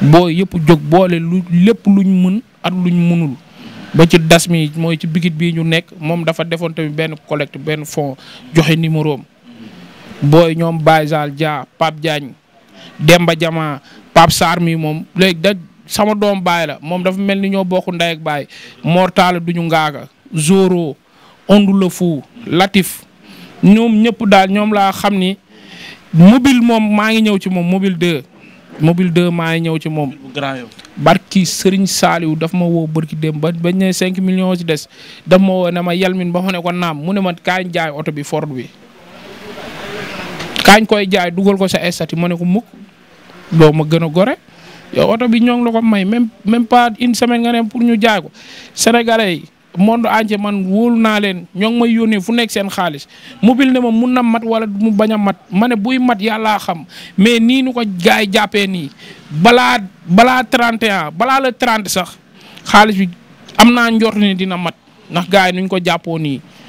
boo yëpp jóg boole lu lépp luñ mën at luñ mënul ba ci das mi mooy ci bigit bii ñu nekk moom dafa defoon tamit benn collecte benn fond joxe numéro am booy ñoom Baye Zal Dia Pape Diagne Demba Jama Pape Sarr mi moom léegi da sama doom baay la moom dafa mel ni ñoo bokk ndey ak baay Mortala duñu ngaaga Zoro Ondu la Fou Latif ñoom ñëpp daal ñoom laa xam ni mobile moom maa ngi ñëw ci moom mobil 2. mobile 2 maa ngi ñëw ci moom. barki Serigne Saliou daf ma woo barki dem ba bañ ne millions ci des daf ma woo na ma yalmin ba fa ne ko naam mu ne ma kaañ jaay oto bi Ford bi. kaañ koy jaay dugal ko sa estati ma ne ko mukk doo ma gën a gore yow oto bi ñoo ngi la ko may même même pas une semaine nga ne pour ñu jaay ko sénégalais yi. monde entier man wóolu naa leen ñoo ngi may yónnee fu nekk seen xaalis mu mobile ne ma mun na mat wala mu bañ a mat mane buy mat yàllaa xam mais nii nu ko gaay yi jàppee nii balaa balaa 31 balaa la 30 sax xaalis am naa njort ni dina mat ndax gaay yi nuñ ko jàppoo nii.